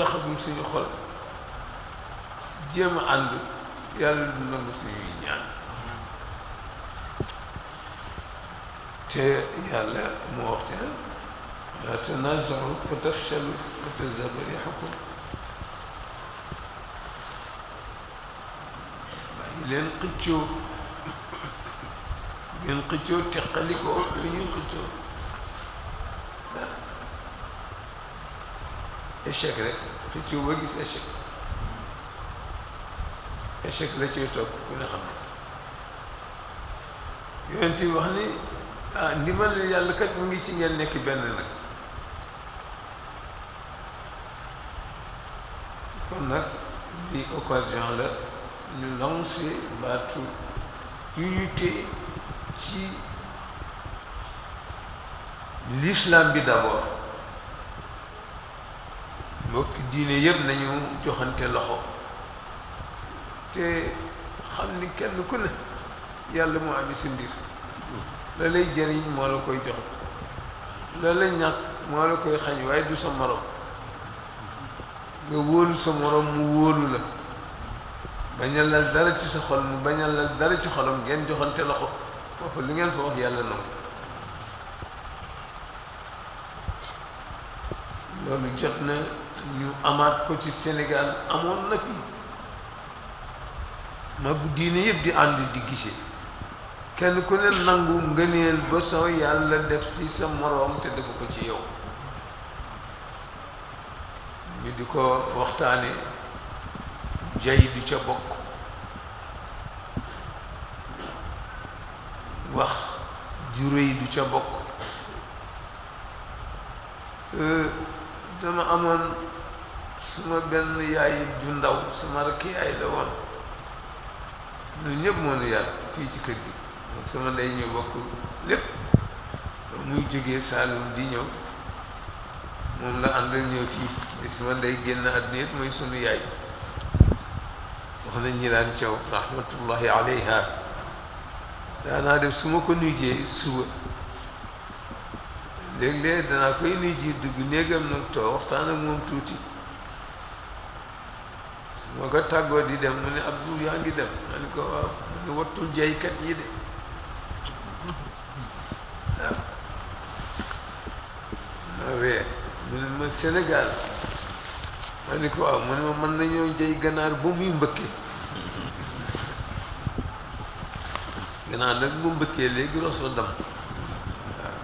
raxasum suñu xol jéem a ànd yàlla du nangu suñuy ñaan te yàlla mu waxtaan la tanazaru fa tafshalu wa tazhaba riihukum bàyyi leen xëccoo ngeen xëccoo teqali ko li ñuy xëccoo échec rek xëccoo ba gis échec échec la ciy topp ku ne xam ne yonent bi wax ni ah ndimbal yàlla kat mu ngi ci ngeen nekk benn nag kon nag di occasion la ñu lancé baatu unité ci l'islam bi d'abord mbokki diine yëpp nañu joxante loxo te xam ni kenn ku ne yàlla moo amee si mbir la lay jëriñ moo la koy jox la lay ñàkk moo la koy xañ waaye du sa morom nga wóolu sa morom mu wóolu la bañal la dara ci sa xol mu bañal la dara ci xolam ngeen joxante loxo foofu li ngeen fa wax yàlla nangu loolu jot na ñu amaat ko ci Sénégal amoon nag fi ma bu diine yépp di ànd di gise kenn ku ne nangu ngëneel ba soo yàlla def ci sa moroom te def ko ci yow ñu di ko waxtaane jay di ca bokk wax juré du ca bokk euh, dama amoon suma benn yaay ju ndaw sama rakk yaay la woon ñu ñëpp moo nu yar fii ci kër gi donc sama ndey ñu bokk lépp muy jógee Saalum di ñëw moom la ànd ak fii te suma ndey génn àdduna it mooy sunu yaay soxna ñi daan caw rahmatullahi aleyha daanaa def suma ma ko nuyjee suba léeg-léeg danaa koy nuyjee dugg néegam nag toog waxtaan moom tuuti moo ko tàggoo di dem mu ne Abdou yaa ngi dem ma ne mu ne wattul jeykat yi de waaw ma ah. wee mu ne ma Sénégal ma ne waaw mu ne ma mën nañoo jey ganaar ba muy mbëkkee ganaar nag mu mbëkkee léegi roso dam waaw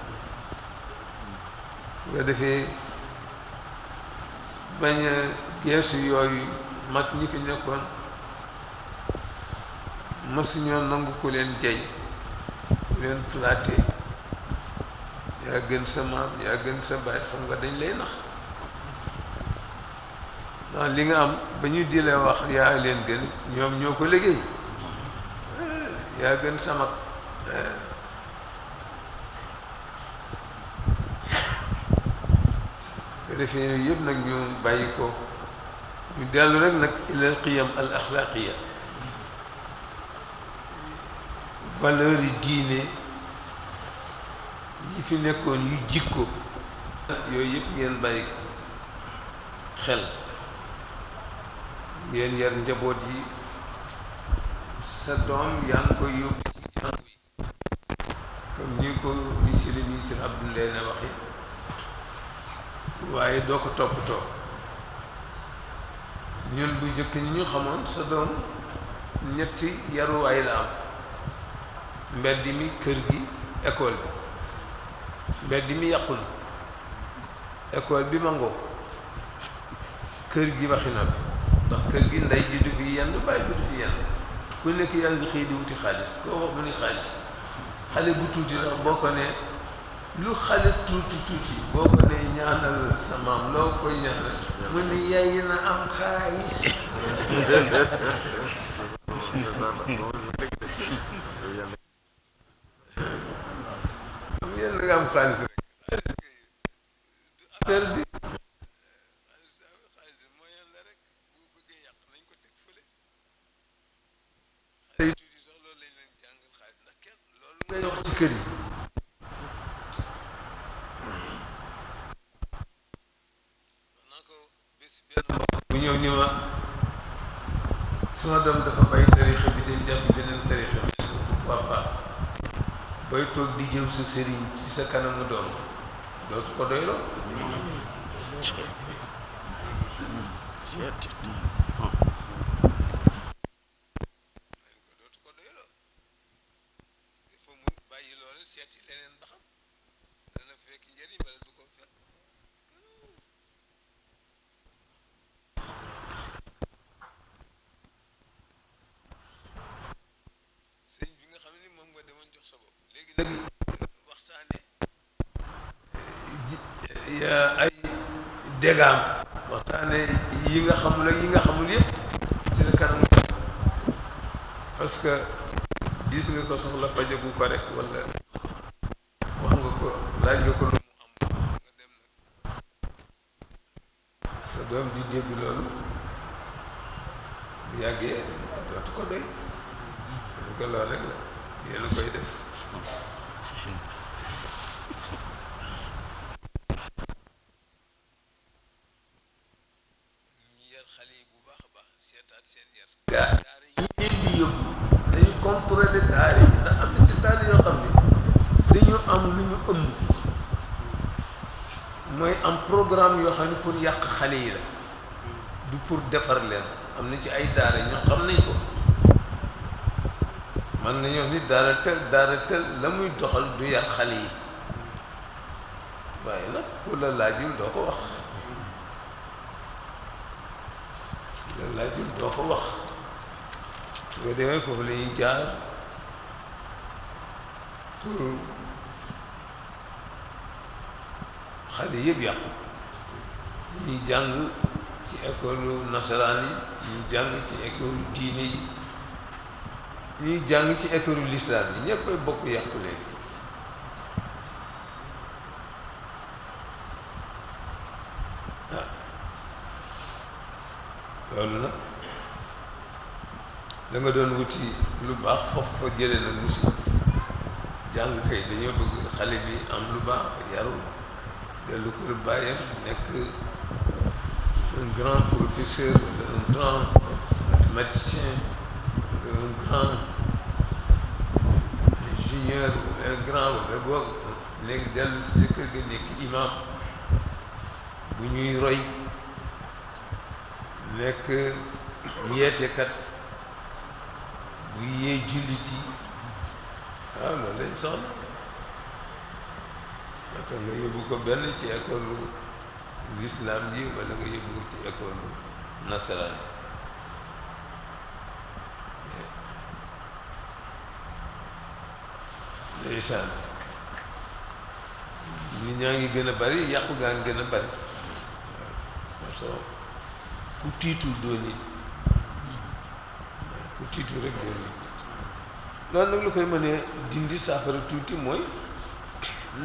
su ko defee bañ geesu yooyu mag ñi fi nekkoon mësuñoo nangu ku leen jey ku leen flatté yaa gën sa maam yaa gën sa baay xam nga dañ lay nax li nga am ba ñu di la wax yaa leen gën ñoom ñoo ko liggéey yaa gën sa mag refee yëpp nag ñu bàyyi ko ñu dellu rek nag ilal qiyam al axlaaqiya valeur yi diine yi fi nekkoon yu jikko yooyu yëpp ngeen bàyyi xel ngeen yar njaboot yi sa doom yaa ngi koy yóbbu ci jàng yi comme ni ko ministre ministre Abdoulaye ne waxe waaye doo ko toppatoo ñun bu jëkk ñi ñu xamoon sa doom ñetti yaruwaay la am mbedd mi kër gi école bi mbedd mi yàqul école bi mangoo kër gi waxi bi ndax kër gi ndey ji du fi yenn bàyyi bi du fi yenn ku nekk yaa ngi xëy di wuti xaalis koo wax mu ni xaalis xale bu tuuti sax boo ko nee lu xale tuuti tuuti boo ko dee ñaanal sa maam loo koy ñaanal mu ni yaay na am xaalis yàlla nga am xaalis rek affaire bi xale tuuti sax loolu lañ leen jàngal xaalis ndax kenn loolu nga yox ci kër yi suma doom dafa bàyyi tarixa bi dem jàpp beneen tarixa bi ne ko papa booy toog di jëw sa sëriñ ci sa kanamu doom dootu ko doyloo Euh, ay dégaam waxtaane yi nga xamul ak yi nga xamul yëpp ci kanam parce que gis nga ko soxla fajagu ko rek wala wax nga ko laaj nga ko lu mu am dem nag sa doom di dégg loolu bu yàggee dootu ko doy dañu ko lool rek la yéen a koy def mooy am programme yoo xam ne pour yàq xale yi la du pour defar leen am na ci ay daara ñoo xam nañ ko man nañu wax ni daara tël daara tël la muy doxal du yàq xale yi waaye nag ku la laajul doo ko wax ku la doo ko wax su nga demee foofu la jaar pour xale yëpp yàqu ñuy jàng ci école nasaraan yi ñuy jàng ci école diine yi ñuy jàng ci école lislaam yi ñëpp bokk yàqu léegi ah. loolu nag da doon wuti lu baax foofu fa jëlee la musiba jàng kay dañoo bëgg xale bi am lu baax yaru dellu kër bàyyam nekk un professeur wala un grand mathématicien wala ingénieur wala un grand wala boog léegi dellu si kër ga nekk imam bu ñuy roy nekk yeetekat bu yee jullit yi waaw ah, loolu lañ te nga yóbbu ko benn ci école l'islam ji wala nga yóbbu ci école nasaraan yi ndeysaan ñaa ngi gën a bari yàqu gaa ngi gën a bari waaw parce ku tiitu doo nit ku tiitu rek doo nit loolu nag lu koy mënee dindi saafara tuuti mooy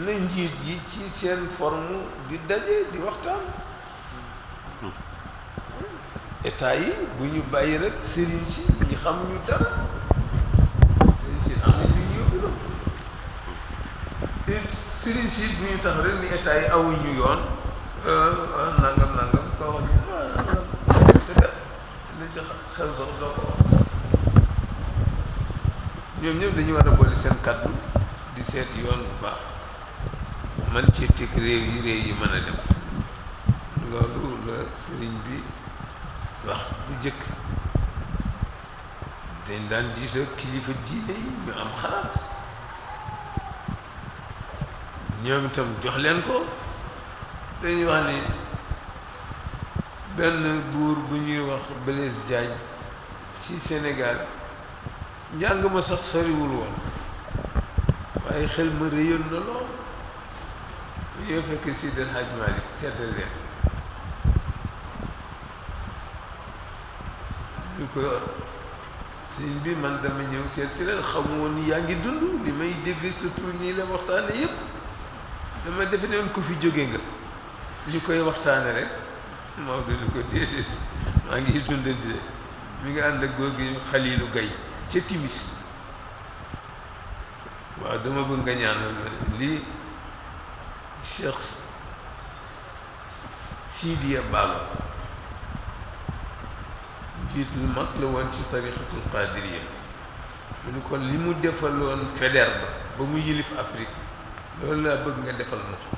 na njiit yi ci seen forme di daje di waxtaan état yi bu ñu bàyyi rek sëriñ si ñu xam ñu dara sëriñ si am na bu ñu tax rek ni état yi awu ñu yoon euh, ah, nangam nangam ko wax ñu nangam dëgg la ci xel ñoom ñëpp dañu war a boole seen kàddu di seet yoon bu baax man ci tig réew yi réew yi mën a dem loolu la sëriñ bi wax bu jëkk dañ daan diisoo kilifa diine yi ñu am xalaat ñoom itam jox leen ko dañuy wax ni benn buur bu ñuy wax Blaise Diagne ci Sénégal njàng ma sax soriwul woon waaye xel ma réyoon na lool yoo fekkee Seydi bi man dama ñëw seet si leen xamoon ni yaa ngi dund li may dégg sa tur nii la waxtaane yëpp dama defe ne woon ku fi jóge nga ñu koy waxtaane rek Maodo ni ko déedéet maa ngi dund de mi ngi ànd ak góor gi Xaliilu Gay ca timis waaw dama bëgg nga ñaanal lii Cheikh Sidiya Baba njiit lu mag la woon ci tariqatul qaadiriya mu ni kon li mu defaloon feder ba ba mu yilif Afrique loolu laa bëgg nga defal ma ko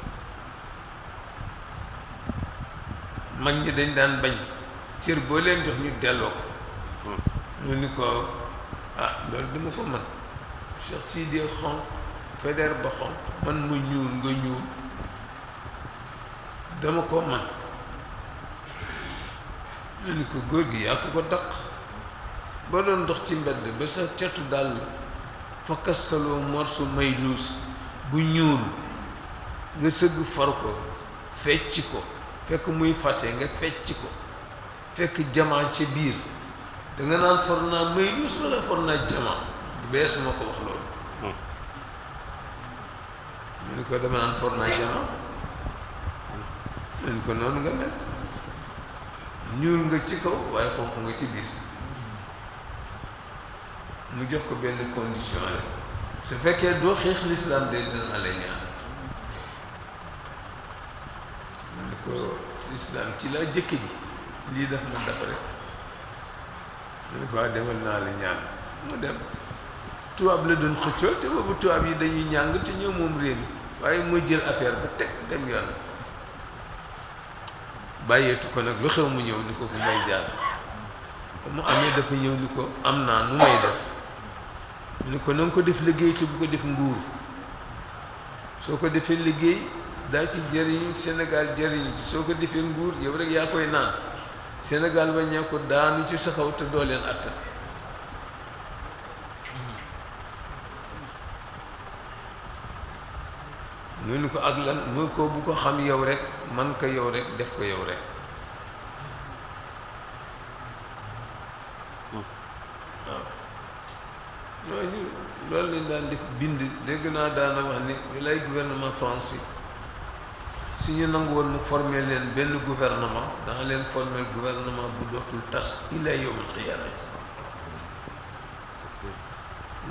mag ñi dañ daan bañ cër boo leen jox ñu delloo ko mu ni ko ah loolu dama ko mën Cheikh Sidiya xonq feder ba xonq man mu ñuul nga ñuul dama ko man ma ni ko góor gi yaa ko ko daq ba doon dox ci mbedd ba sa cetu dàll fa kassaloo morsu may bu ñuul nga sëgg far ko fecc ko fekk muy fase nga fecc ko fekk jamaa ca biir danga naan for naa may walla for naa jamaa bee su ko wax loolu mu hmm. ni ko dama naan for naa jamaa ko noonu nga mel ñuul nga ci kaw waaye xonq nga ci biir mu jox ko benn condition rek su fekkee doo xeex lislaam de dana la ñaan mu ne ko lislaam ci laa jëkk bi lii daf ma daf rek mu ne ko waa ah, demal naa la ñaan mu dem tuwaab la doon xëccoo te boobu tubaab yi dañuy ñàng te ñëw moom réew waaye mooy jël affaire ba teg dem yoon bàyyeetu ko nag lu xew mu ñëw ni ko fu may jaar mu amee dafa ñëw ni ko am naa nu may def ni ko na ko def liggéey te bu ko def nguur soo ko defee liggéey daal ci jëriñu senegal jëriñu soo ko defee nguur yow rek yaa koy naan Sénégal ba ñaa ko daanu ci sa te doo leen attan mu ni ko ak lan mu ko bu ko xam yow rek man ko yow rek def ko yow rek hmm. waaw ñooñu loolu lañ daan def bind dégg naa daana wax ni lay gouvernement français si ñu nangu mu former leen benn gouvernement danga leen former gouvernement bu dootul tas ila yawmil qiyaamati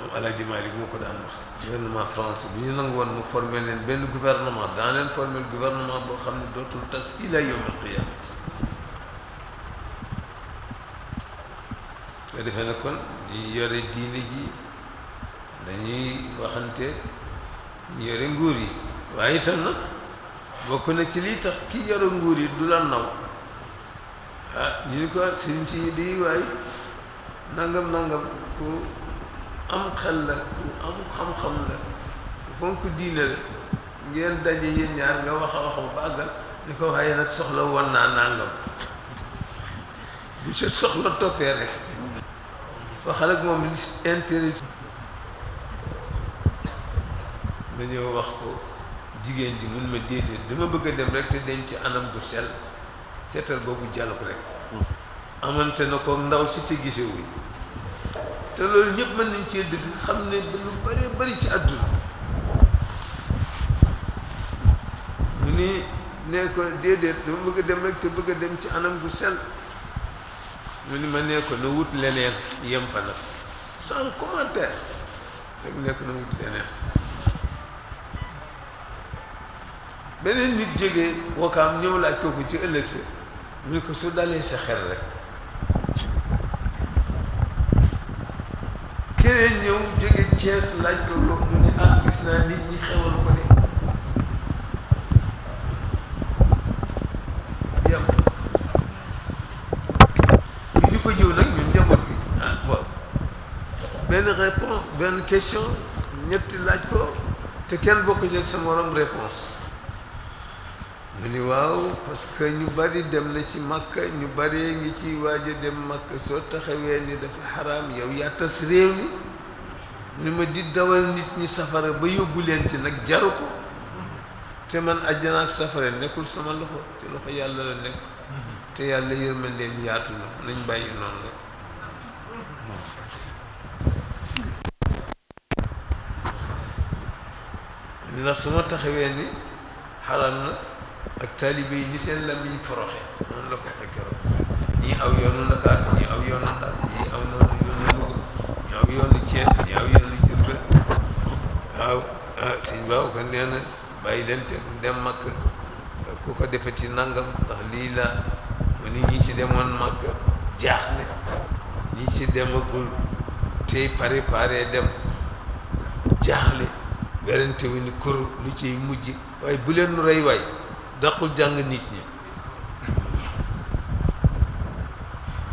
moom El Hadj Malick ko daan wax. gouvernement France bi ñu nangu woon mu formé leen benn gouvernement daan leen formé gouvernement boo xam ne dootul tas ila yawmal qiyaamah. te defe na kon ñi yore diine ji dañuy waxante ñu yore nguur yi waaye itam nag bokk na ci lii tax ki yore nguur yi du la naw ah ñu ni ko sëriñ si di waaye nangam nangam ku. am xel la ku am xam-xam la fonk diine la ngeen daje yéen ñaar nga wax a wax ba àggal ni ko waaye nag soxla won naa naan bu soxla toppee rek waxal ak wax ko jigéen ji mun ma déedéet dama bëgg a dem rek ci anam gu sell seetal boobu jàllug rek mm. amante na ko ndaw si te gisewuñ te loolu ñëpp mën nañ cee dëgg xam ne lu bari bari ci àdduna mu ni ne ko déedéet dama bëgg dem rek te bëgg a dem ci anam bu sel mu ni ma ne ko na wut leneen yem fa nag sans commentaire rek ne ko na wut leneen beneen nit jógee wakaam ñëw laaj kooku ci ëllëg si mu ni ko su dalee sa xel rek keneen ñëw jóge Thiès laaj ko ko mu ne ah gis naa nit ñi xewal ko de yàpp ñu ko jëw nag ñun njaboot bi ah, benn réponse benn question ñetti laaj ko te kenn bokk jeeg sa morom réponse ni waaw parce que ñu bari dem na ci makka ñu baree ngi ciy waaj a dem makka soo taxawee ni dafa xaraam yow yaa tas réew mi ni ma di dawal nit ñi safara ba yóbbu leen ci nag jaru ko te man àjjana ak safara nekkul sama loxo te loxo yàlla la nekk te yàlla yërmandeem yaatu na nañ bàyyi noonu rek ndax su ma taxawee ni xaraam na ak taalibe yi ni seen làmmiñ foroxe noonu la ko fekkeroon ñii aw yoonu Ndakaar ñii aw yoonu Ndar ñii aw noonu yoonu Louga ñii aw yoonu yoonu Diourbel waaw ah sëñ baaw ko nee bàyyi leen te dem màkk ku ko defeti nangam ndax lii la ma ni ñi ci demoon màkk jaaxle ñi ci demagul tey pare pare dem jaaxle werante wu ni koro lu ciy mujj waaye bu leen nu rey daqul jàng nit ñi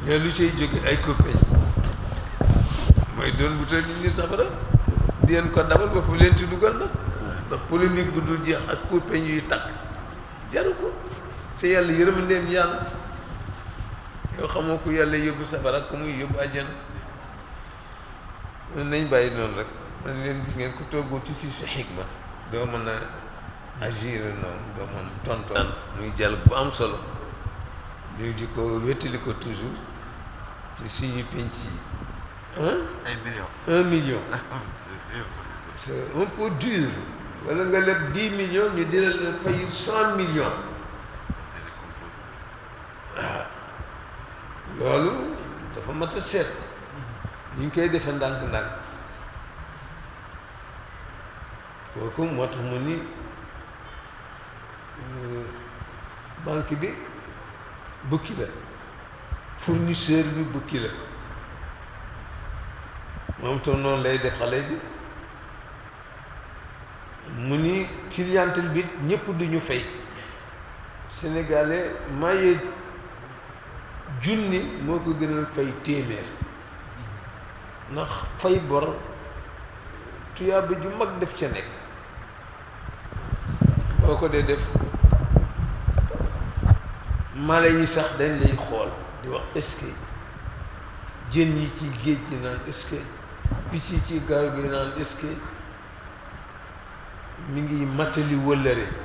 mais lu cay jóge ay copain mooy doon bu tëdd nit ñi di leen ko dabal ba fu leen ti dugal nag ndax polémique bu dul jeex ak copain yuy takk jaru ko te yàlla yërmandeem yàlla yoo xamoo ko yàlla yóbbu safara ku muy yóbbu àjjana nañ bàyyi noonu rek man leen gis ngeen ku toggoo ci si xikma doo mën a agir noonu doomam tontoon muy jàll bu am solo ñuy di ko wéttali ko toujours ci suñu penc yi un million un million ah, ah, c'est un peu wala nga leb dix millions ñu dina la payu cent millions waaw ah. loolu dafa mat a seet mm-hmm. ñu ngi koy defee ndànk-ndànk kooku moo tax mu ni Euh, banque bi bukki la fournisseur bi bukki la moom tam noonu lay def xale bi mu ni clientèle bi ñëpp duñu fay sénégalais maye junni moo ko a fay téeméer ndax fay bor tuyaaba ju mag def ca nekk boo ko dee def mala yi sax dañ lay xool di wax est jën yi ci géej gi naan est-ce que picc yi ci gaal gi naan est-ce que mi wëllëre